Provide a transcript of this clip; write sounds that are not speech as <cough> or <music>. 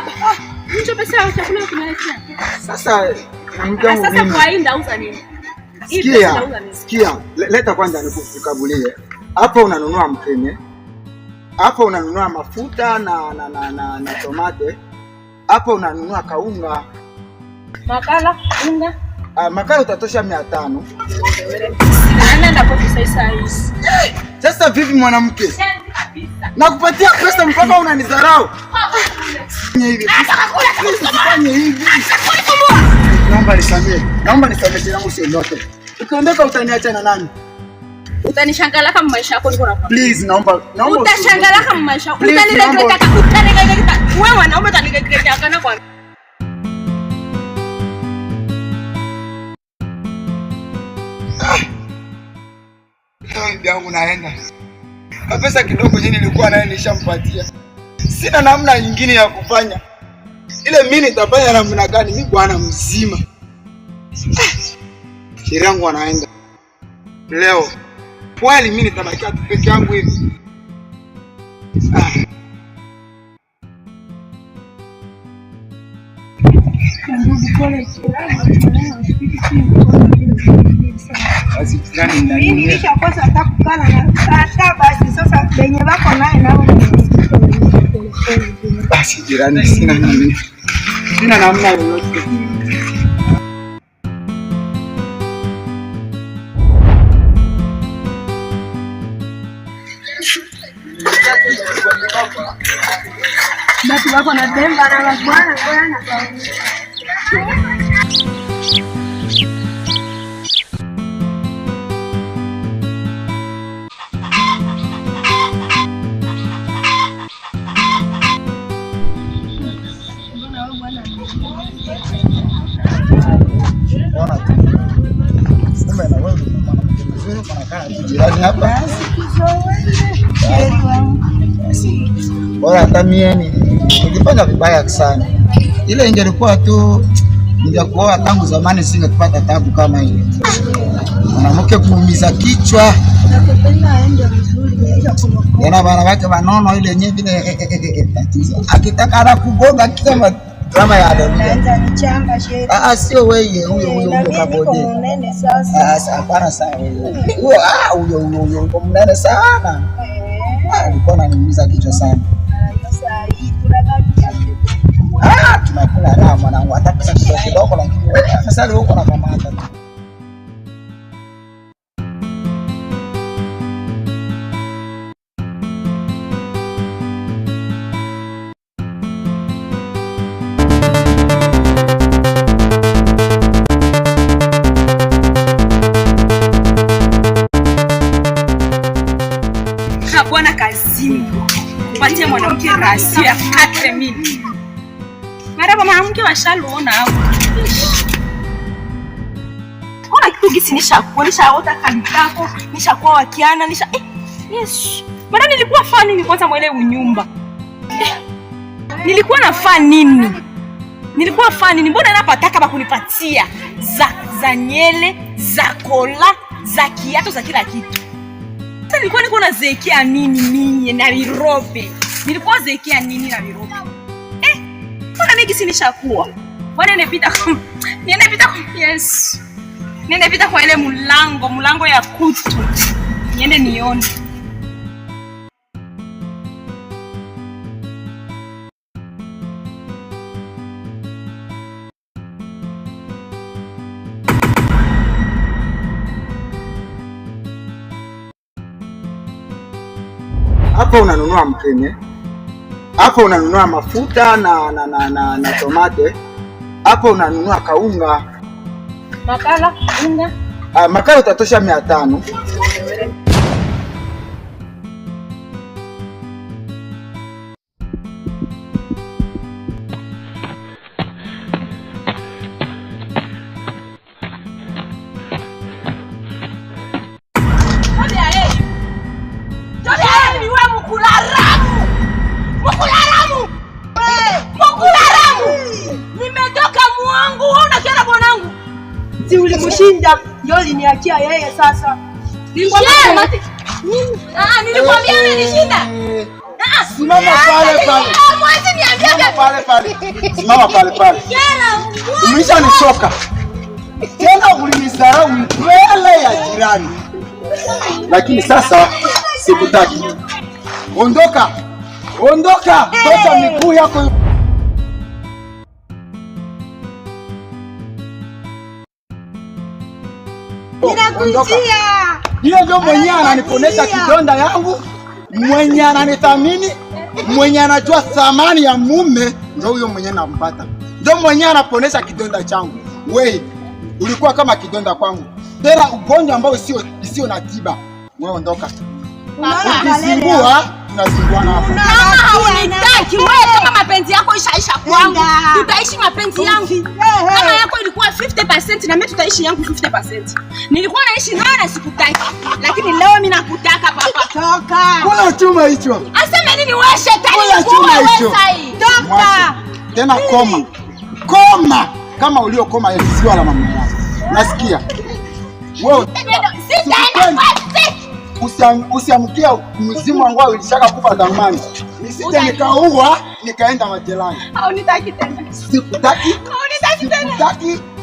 baba. Mtu ah, pesa ya chakula kumeletea. Sasa sasa kwa hii ndauza nini? Sikia. Sikia. Leta kwanza nikukagulie. Hapa unanunua mkene. Hapa unanunua mafuta na na na na, na tomate. Hapa unanunua kaunga. Makala, unga. Ah, makala utatosha 500. Sasa vipi mwanamke? Nakupatia pesa mpaka unanidharau. Ah, ah usifanye hivi. Usifanye hivi. Naomba nisamehe. Naomba nisamehe yangu usiondoke. Ukiondoka utaniacha na nani? Utanishangalia kama maisha yako niko nakwambia. Please naomba naomba utashangalia kama maisha yako. Utaniregreta, utaniregreta. Wewe wanaume utaniregreta kana kwa ah. yangu naenda. Pesa kidogo nilikuwa naye nishampatia sina namna nyingine ya kufanya. Ile mi nitafanya namna gani? Mimi bwana mzima ah. yangu anaenda leo kweli, mimi nitabakia peke yangu hivi ah. Basi sasa benye bako naye nao basi jirani, sina namna, sina namna yoyote. Basi wako na demba na wakwana, bwana bwana jirani hapa. Bora hata mie nilifanya vibaya sana, ile ingelikuwa tu ningakuoa tangu zamani, singepata tabu kama hii. Mwanamke kuumiza kichwa na wanawake wanono ile yenyewe vile tatizo, akitaka anakugonga kama ya Adonija. Ah, ah, sio wewe huyo huyo huyo Kabode. Ah, hapana sana huyo. Huyo huyo huyo uko mnene sana. Eh. Alikuwa ananiumiza kichwa sana. Tunakula raha mwanangu, hata kidogo lakini sasa huko na kamata tumpatie mwanamke rasia kate mimi. Maraba mwanamke washaluona hapo. Ona kitu gisi nishakuwa, nishaota kanitako, nishakuwa wakiana, nisha... Eh, yes. Mara nilikuwa faa nini kwanza mwele unyumba? Eh, nilikuwa na faa nini? Nilikuwa faa nini? Mbona napataka bakunipatia za, za nyele, za kola, za kiato, za kila kitu. Sasa nilikuwa niko na zekia nini ninyi na lirobe Nilikuwa zeekea nini na Nairobi? Eh, mbona mimi si nishakuwa? Bwana nimepita kwa <laughs> nimepita kwa yes. Nimepita kwa ile mlango, mlango ya kutu. Niende nione. Hapa unanunua mkene hapo unanunua mafuta na na, na, na, na tomate hapo unanunua kaunga makala unga. Ah, makala utatosha mia tano Kushinda ndio liniachia yeye sasa. Simama pale pale. Simama pale ah, tena, ulinisahau mbele ya jirani, lakini sasa sikutaki. Ondoka, ondoka, toka eh. miguu yako. Hiyo ndio mwenye ananiponesha kidonda yangu, mwenye ananithamini, mwenye anajua thamani ya mume, ndio huyo mwenye nampata, ndio mwenye anaponesha kidonda changu. Wewe ulikuwa kama kidonda kwangu, tena ugonjwa ambao isiyo na tiba. Wewe ondoka, ukizingua tunazingua na hapo. Mapenzi yako ishaisha kwangu, tutaishi mapenzi yangu. Kama yako ilikuwa Niambia tutaishi yangu 50%. Nilikuwa naishi nawe na sikutaki. Lakini leo mimi nakutaka papa. Toka. Wala chuma hicho. Aseme nini wewe shetani? Wala chuma hicho. Toka. Tena koma. Koma kama uliokoma yeye sio alama mama Nasikia. Wewe. Sitaenda. Usiamkia mzimu wangu ulishaka kufa zamani. Nisije nikaua nikaenda majelani. Au nitaki tena. Sikutaki. Au nitaki tena. Sikutaki.